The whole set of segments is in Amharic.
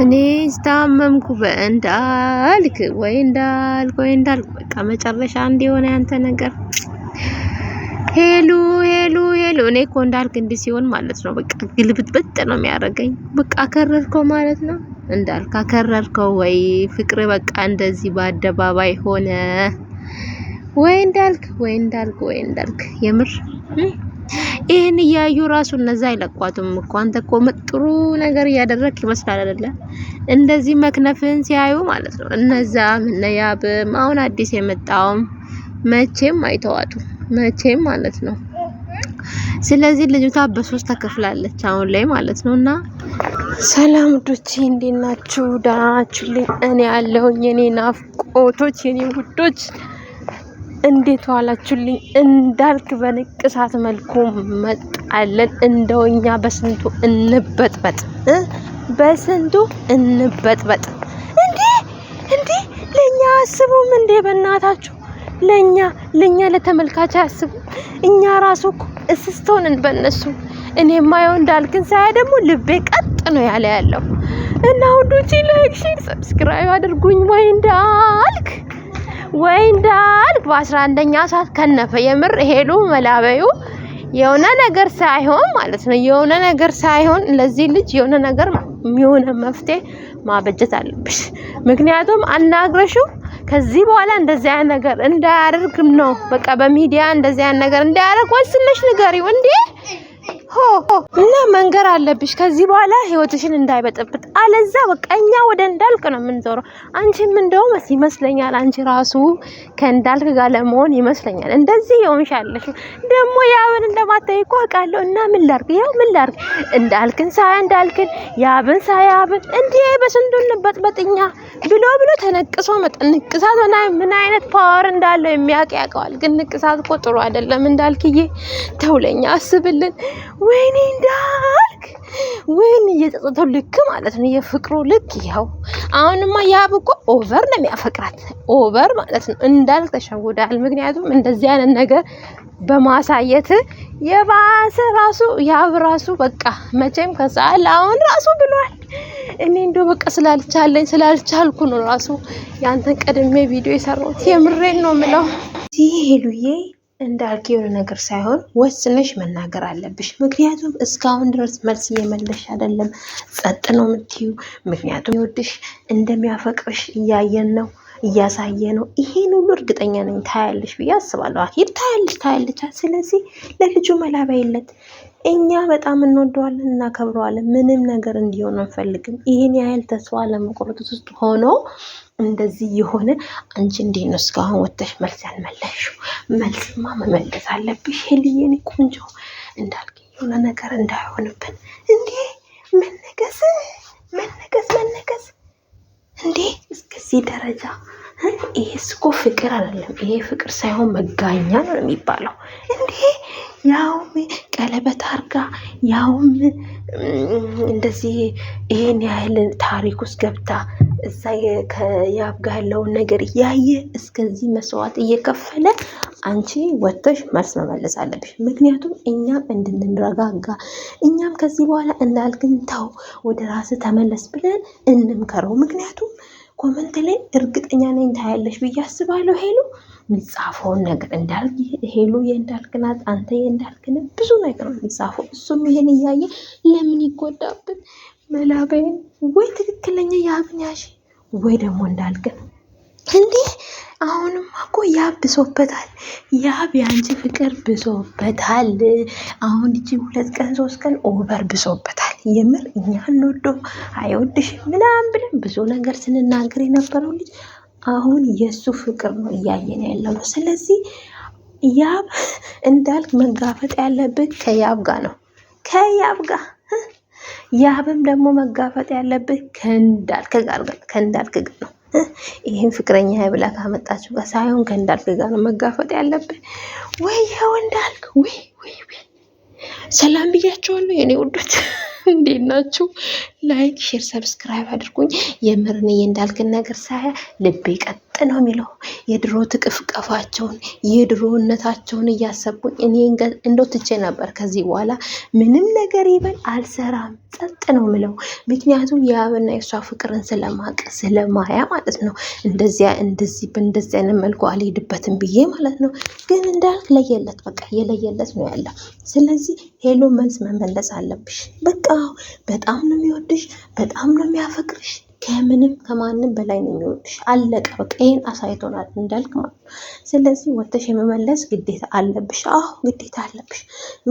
እኔ ስታመምኩ በእንዳልክ ወይ እንዳልክ ወይ እንዳልክ በቃ መጨረሻ አንድ የሆነ ያንተ ነገር ሄሉ ሄሉ ሄሉ። እኔ እኮ እንዳልክ እንዲህ ሲሆን ማለት ነው በቃ ግልብጥብጥ ነው የሚያደርገኝ። በቃ አከረርከው ማለት ነው እንዳልክ አከረርከው ወይ ፍቅር በቃ እንደዚህ በአደባባይ ሆነ ወይ እንዳልክ ወይ እንዳልክ ወይ እንዳልክ የምር ይህን እያዩ ራሱ እነዛ አይለቋትም እኮ አንተ እኮ ጥሩ ነገር እያደረግክ ይመስላል አይደለ? እንደዚህ መክነፍን ሲያዩ ማለት ነው። እነዛ ምነያብም አሁን አዲስ የመጣውም መቼም አይተዋጡ መቼም ማለት ነው። ስለዚህ ልጅቷ በሶስት ተከፍላለች አሁን ላይ ማለት ነው። እና ሰላም ዱቺ እንዴት ናችሁ? ደህና እኔ ያለሁኝ የኔ ናፍቆቶች የኔ ውዶች እንዴት ዋላችሁልኝ እንዳልክ በንቅሳት መልኩ መጣለን። እንደውኛ በስንቱ እንበጥበጥ በስንቱ እንበጥበጥ። እንዴ እንዴ ለእኛ አስቡም እንዴ በእናታችሁ ለእኛ ለእኛ ለተመልካች አስቡ። እኛ ራሱ እኮ እስስቶንን በእነሱ እኔ ማየው እንዳልክን ሳያ ደግሞ ልቤ ቀጥ ነው ያለ ያለው እና ሁዶቼ ላይክ፣ ሼር፣ ሰብስክራይብ አድርጉኝ ወይ እንዳልክ ወይ እንዳልክ በአስራ አንደኛ ሰዓት ከነፈ። የምር ሄሉ መላበዩ የሆነ ነገር ሳይሆን ማለት ነው የሆነ ነገር ሳይሆን ለዚህ ልጅ የሆነ ነገር የሚሆነ መፍትሄ ማበጀት አለብሽ። ምክንያቱም አናግረሽው ከዚህ በኋላ እንደዚህ አይነት ነገር እንዳያደርግ ነው። በቃ በሚዲያ እንደዚህ አይነት ነገር እንዳያደርግ ወስነሽ ንገሪው እንዴ ሆ እና መንገር አለብሽ ከዚህ በኋላ ህይወትሽን እንዳይበጠብጥ፣ አለዛ በቃ እኛ ወደ እንዳልክ ነው የምንዞረው። አንቺም እንደውም ይመስለኛል አንቺ ራሱ ከእንዳልክ ጋር ለመሆን ይመስለኛል እንደዚህ ይሆንሻለሽ። ደግሞ ያብን ለማታይ እኮ አውቃለሁ። እና ምን ላድርግ፣ ያው ምን ላድርግ፣ እንዳልክን ሳያ እንዳልክን፣ ያብን ሳያ ያብን፣ እንዲህ በስንቱ እንበጥበጥ ብሎ ብሎ ተነቅሶ ንቅሳት ምን አይነት ፓወር እንዳለው የሚያውቅ ያውቀዋል። ግን ንቅሳት እኮ ጥሩ አይደለም። እንዳልክዬ ተውለኛ አስብልን። ወይኔ እንዳልክ ወይኔ የጸጸተው ልክ ማለት ነው፣ የፍቅሩ ልክ ይኸው። አሁንማ ያብ እኮ ኦቨር ነው የሚያፈቅራት፣ ኦቨር ማለት ነው። እንዳልክ ተሸውዳል። ምክንያቱም እንደዚህ አይነት ነገር በማሳየት የባሰ ራሱ ያብ ራሱ በቃ መቼም ከሰዓል አሁን ራሱ ብሏል። እኔ እንደው በቃ ስላልቻለኝ ስላልቻልኩ ነው ራሱ ያንተን ቀድሜ ቪዲዮ የሰራሁት። የምሬን ነው ምለው ይሄ ሄሉዬ እንዳልክ የሆነ ነገር ሳይሆን ወስነሽ መናገር አለብሽ። ምክንያቱም እስካሁን ድረስ መልስ እየመለሽ አይደለም፣ ጸጥ ነው የምትዩ። ምክንያቱም ይወድሽ እንደሚያፈቅርሽ እያየን ነው። እያሳየ ነው። ይሄን ሁሉ እርግጠኛ ነኝ ታያለሽ ብዬ አስባለሁ። አኪድ ታያለሽ፣ ታያለች። ስለዚህ ለልጁ መላባ እኛ በጣም እንወደዋለን፣ እናከብረዋለን። ምንም ነገር እንዲሆን አንፈልግም። ይህን ያህል ተስፋ ለመቆረጥ ውስጥ ሆኖ እንደዚህ የሆነ አንቺ እንዴት ነው እስካሁን ወጥተሽ መልስ ያልመለሹ? መልስማ መመለስ አለብሽ ሄልዬ፣ እኔ ቆንጆ እንዳልክ የሆነ ነገር እንዳይሆንብን እንዲህ በዚህ ደረጃ ይሄ እኮ ፍቅር አይደለም። ይሄ ፍቅር ሳይሆን መጋኛ ነው የሚባለው። እንዴ ያውም ቀለበት አርጋ ያውም እንደዚህ ይሄን ያህል ታሪክ ውስጥ ገብታ እዛ ከያብ ጋር ያለውን ነገር እያየ እስከዚህ መስዋዕት እየከፈለ አንቺ ወጥተሽ መልስ መመለስ አለብሽ። ምክንያቱም እኛም እንድንረጋጋ እኛም ከዚህ በኋላ እንዳልክን ተው ወደ ራስ ተመለስ ብለን እንምከረው። ምክንያቱም ኮመንት ላይ እርግጠኛ ነኝ ታያለሽ ብዬ አስባለሁ። ሄሎ የሚጻፈውን ነገር እንዳልክ ሄሉ የእንዳልክናት አንተ የእንዳልክን ብዙ ነገር የሚጻፈው እሱም ይሄን እያየ ለምን ይጎዳብን? መላበን ወይ ትክክለኛ የአብንያሽ ወይ ደግሞ እንዳልክ እንዲህ አሁንም እኮ ያብ ብሶበታል። ያብ የአንቺ ፍቅር ብሶበታል። አሁን እቺ ሁለት ቀን ሶስት ቀን ኦቨር ብሶበታል። የምር እኛ አንወደው አይወድሽ ምናምን ብለን ብዙ ነገር ስንናገር የነበረው ልጅ አሁን የእሱ ፍቅር ነው እያየን ያለው ስለዚህ ያብ እንዳልክ መጋፈጥ ያለብህ ከያብ ጋር ነው ከያብ ጋር ያብም ደግሞ መጋፈጥ ያለብህ ከእንዳልክ ጋር ከእንዳልክ ጋር ነው። ይህን ፍቅረኛ ብላ ካመጣችሁ ጋር ሳይሆን ከእንዳልክ ጋር ነው መጋፈጥ ያለብህ። ወይ ያው እንዳልክ ወይ ወይ ወይ ሰላም ብያቸዋለሁ የኔ ውዶች። እንዴት ናችሁ? ላይክ፣ ሼር፣ ሰብስክራይብ አድርጉኝ። የምርን እንዳልክን ነገር ሳያ ልቤ ቀጥ ነው የሚለው የድሮ ትቅፍቀፋቸውን የድሮነታቸውን እያሰቡኝ እኔ እንደው ትቼ ነበር። ከዚህ በኋላ ምንም ነገር ይበል አልሰራም፣ ጸጥ ነው የምለው ምክንያቱም የአብና የእሷ ፍቅርን ስለማቅ ስለማያ ማለት ነው። እንደዚያ እንደዚህ በእንደዚህ አይነት መልኩ አልሄድበትም ብዬ ማለት ነው። ግን እንዳልክ ለየለት፣ በቃ የለየለት ነው ያለው። ስለዚህ ሄሎ መልስ መመለስ አለብሽ። በቃ በጣም ነው የሚወደ የሚወድሽ፣ በጣም ነው የሚያፈቅርሽ። ከምንም ከማንም በላይ ነው የሚወድሽ። አለቀ በቃ። ይህን አሳይቶናል እንዳልክ ማለት ነው። ስለዚህ ወጥተሽ የመመለስ ግዴታ አለብሽ። አዎ ግዴታ አለብሽ።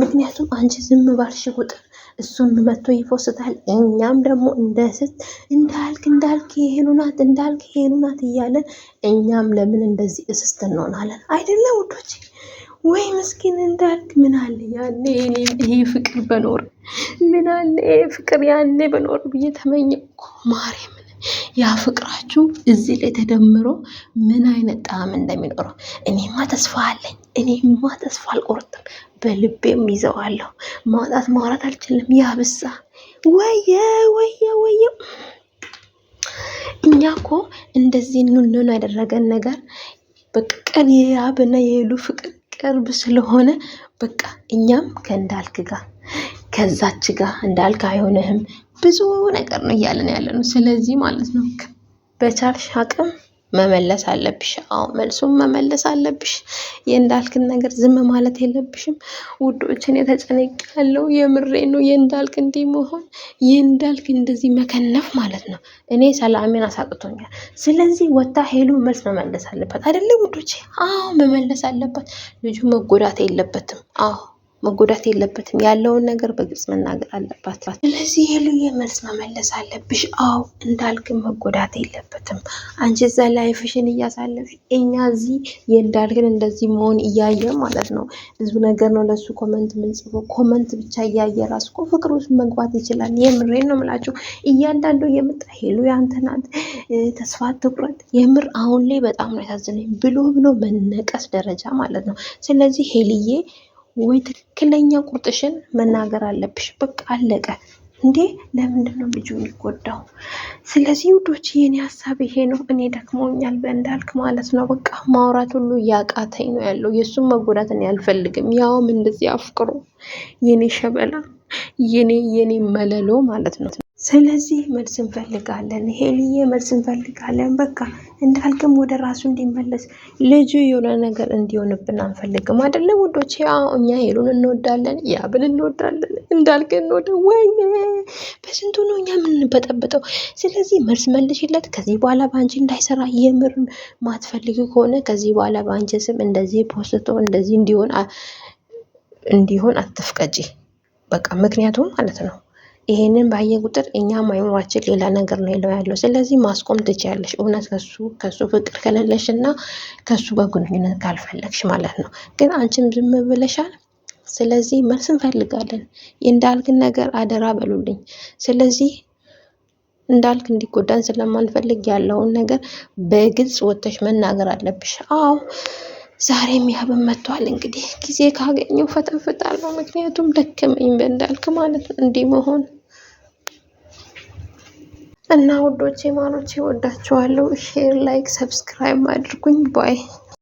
ምክንያቱም አንቺ ዝም ባልሽ ቁጥር እሱም መቶ ይፎስታል። እኛም ደግሞ እንደስት እንዳልክ እንዳልክ ሄሉ ናት እንዳልክ ሄሉ ናት እያለን እኛም ለምን እንደዚህ እስስት እንሆናለን? አይደለ ውዶች? ወይ ምስኪን እንዳልክ ምን አለ ያኔ ይሄ ፍቅር በኖር ምን አለ ይሄ ፍቅር ያኔ በኖር ብዬ ማርያም። ያ ፍቅራችሁ እዚህ ላይ ተደምሮ ምን አይነት ጣዕም እንደሚኖረው እኔማ ተስፋ አለኝ። እኔማ ተስፋ አልቆርጥም፣ በልቤም ይዘዋለሁ። ማውጣት ማውራት አልችልም። ያብሳ ወየ ወየ ወየ እኛ እኮ እንደዚህ ኑኖን ያደረገን ነገር በቀን የያብና የሄሉ ፍቅር ቅርብ ስለሆነ በቃ እኛም ከእንዳልክ ጋር ከዛች ጋር እንዳልክ አይሆንህም ብዙ ነገር ነው እያለን ያለ ነው። ስለዚህ ማለት ነው በቻልሽ አቅም መመለስ አለብሽ። አዎ መልሱም መመለስ አለብሽ። የእንዳልክን ነገር ዝም ማለት የለብሽም። ውዶችን የተጨነቅ ያለው የምሬ ነው። የእንዳልክ እንዲህ መሆን የእንዳልክ እንደዚህ መከነፍ ማለት ነው። እኔ ሰላሜን አሳቅቶኛል። ስለዚህ ወታ ሄሉ መልስ መመለስ አለበት አይደለ ውዶች? አዎ መመለስ አለባት። ልጁ መጎዳት የለበትም። አዎ መጎዳት የለበትም። ያለውን ነገር በግልጽ መናገር አለባት። ስለዚህ ሄሉዬ መልስ መመለስ አለብሽ። አዎ እንዳልክም መጎዳት የለበትም። አንቺ እዛ ላይፍሽን እያሳለፍሽ፣ እኛ እዚህ የእንዳልክን እንደዚህ መሆን እያየ ማለት ነው። ብዙ ነገር ነው ለሱ ኮመንት ምንጽፎ ኮመንት ብቻ እያየ ራሱ እኮ ፍቅር ውስጥ መግባት ይችላል። የምሬን ነው የምላችሁ። እያንዳንዱ የምጣ ሄሉ ያንተ ናት፣ ተስፋ ትቁረጥ። የምር አሁን ላይ በጣም ነው ያሳዝነኝ ብሎ ብሎ መነቀስ ደረጃ ማለት ነው። ስለዚህ ሄልዬ ወይ ትክክለኛ ቁርጥሽን መናገር አለብሽ። በቃ አለቀ። እንዴ ለምንድን ነው ልጁ የሚጎዳው? ስለዚህ ውዶች የኔ ሀሳብ ይሄ ነው። እኔ ደክሞኛል በእንዳልክ ማለት ነው። በቃ ማውራት ሁሉ እያቃተኝ ነው ያለው። የእሱም መጎዳት እኔ አልፈልግም። ያውም እንደዚህ አፍቅሮ የኔ ሸበላ የኔ የኔ መለሎ ማለት ነው። ስለዚህ መልስ እንፈልጋለን፣ ሄልዬ መልስ እንፈልጋለን። በቃ እንዳልክም ወደ ራሱ እንዲመለስ ልጁ የሆነ ነገር እንዲሆንብን አንፈልግም። አይደለም ወንዶች? ያው እኛ ሄሉን እንወዳለን፣ ያብን እንወዳለን፣ እንዳልክ እንወደ ወይ በስንቱ ነው እኛ የምንበጠበጠው። ስለዚህ መልስ መልሽለት። ከዚህ በኋላ በአንቺ እንዳይሰራ የምር ማትፈልግ ከሆነ ከዚህ በኋላ በአንቺ ስም እንደዚህ ፖስቶ እንደዚህ እንዲሆን እንዲሆን አትፍቀጂ። በቃ ምክንያቱም ማለት ነው ይሄንን ባየ ቁጥር እኛ አይምሯችን ሌላ ነገር ነው የለው ያለው። ስለዚህ ማስቆም ትችያለሽ፣ እውነት ከሱ ከሱ ፍቅር ከሌለሽ እና ከሱ ጋር ግንኙነት ካልፈለግሽ ማለት ነው። ግን አንቺም ዝም ብለሻል። ስለዚህ መልስ እንፈልጋለን። እንዳልክን ነገር አደራ በሉልኝ። ስለዚህ እንዳልክ እንዲጎዳን ስለማንፈልግ ያለውን ነገር በግልጽ ወጥተሽ መናገር አለብሽ። አዎ ዛሬ የሚያብን መጥቷል። እንግዲህ ጊዜ ካገኘው ፈጠንፍጣለሁ። ምክንያቱም ደከመኝ በእንዳልክ ማለት እንዲህ መሆን እና ውዶቼ ማሮቼ ወዳችኋለሁ። ሼር፣ ላይክ፣ ሰብስክራይብ አድርጉኝ ባይ